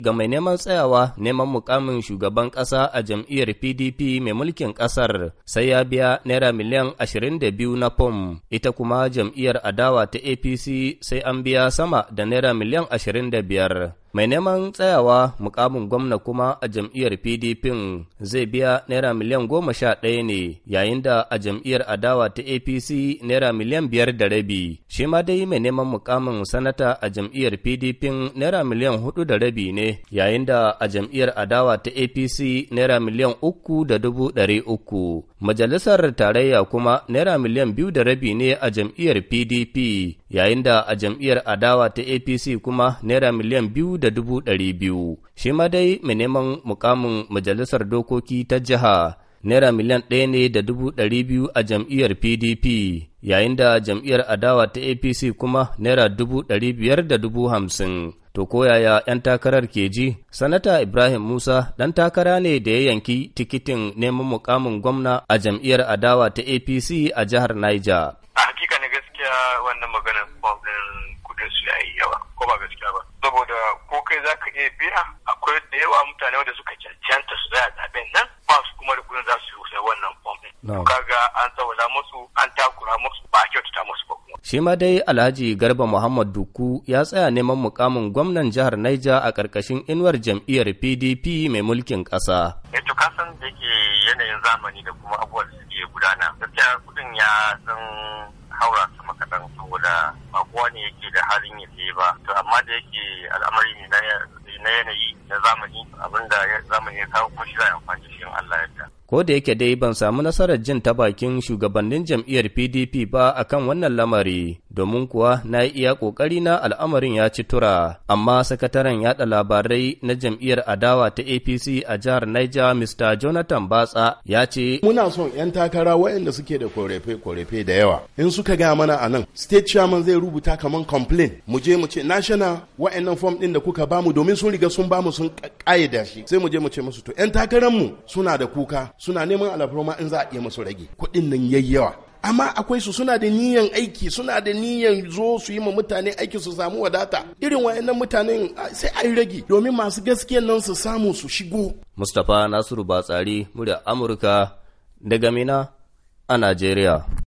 Ga mai neman tsayawa neman mukamin shugaban ƙasa a jam'iyyar PDP mai mulkin ƙasar sai ya biya naira miliyan 22 na fom, ita kuma jam'iyyar adawa ta APC sai an biya sama da naira miliyan 25. Mai neman tsayawa mukamin gwamna kuma a jam'iyyar PDP zai biya naira miliyan goma sha ɗaya ne yayin da a jam'iyyar adawa ta APC naira miliyan biyar da rabi. Shi ma dai mai neman mukamin sanata a jam'iyyar PDP naira miliyan hudu da rabi ne yayin da a jam'iyyar adawa ta APC naira miliyan uku da dubu ɗari uku. Majalisar tarayya kuma naira miliyan biyu da rabi ne a jam'iyyar PDP yayin da a jam'iyyar adawa ta APC kuma naira miliyan biyu da dubu ɗari biyu, shi ma dai mai neman mukamin majalisar dokoki ta jiha Naira miliyan ɗaya ne da dubu ɗari biyu a jam'iyyar PDP, yayin da jam'iyyar adawa ta APC kuma Naira dubu ɗari biyar da dubu hamsin. To koyaya 'yan takarar ke ji? Sanata Ibrahim Musa ɗan takara ne da ya yanki tikitin neman mukamin gwamna a jam'iyyar adawa ta APC a jihar Niger. A hakika ne gaskiya wannan maganar kudin su yayi yawa, ko ba gaskiya ba. ko kai za ka iya biya akwai da yawa mutane wanda suka cancanta su zaya zaben nan ba su kuma da kudin za su yi wannan fom ɗin. Kaga an tsawala musu an takura musu ba a kyautata musu ba kuma. Shi ma dai Alhaji Garba Muhammad Duku ya tsaya neman mukamin gwamnan jihar Niger a ƙarƙashin inuwar jam'iyyar PDP mai mulkin ƙasa. Eto eh, kasan da ke yanayin zamani da kuma abubuwan da suke gudana. Gaskiya kudin ya san ya je ba to amma da yake al'amari ne na yanayi na zamani abinda zamani ya kawo kuma shi za a amfani shi in Allah ya ko da yake dai ban samu nasarar jin ta bakin shugabannin jam'iyyar PDP ba akan wannan lamari domin kuwa na yi iya ƙoƙari na al'amarin ya ci tura, amma sakataren yaɗa labarai na jam'iyyar adawa ta APC a jihar Niger Mr. Jonathan Batsa ya ce, Muna son 'yan takara waɗanda suke da korefe-korefe da yawa, in suka gaya mana a nan, state chairman zai rubuta kamar complain, mu je mu ce national waɗannan form ɗin da kuka bamu domin sun riga sun bamu sun ƙa'ida shi, sai mu je mu ce musu to 'yan takararmu suna da kuka, suna neman alfarma in za a iya musu rage, kuɗin nan yayyawa. amma akwai su suna da niyan aiki suna da niyan zo su yi ma mutane aiki su samu wadata irin wayannan mutanen sai a yi rage domin masu gaskiyan nan su samu su shigo mustapha nasiru batsari murya amurka daga mina a najeriya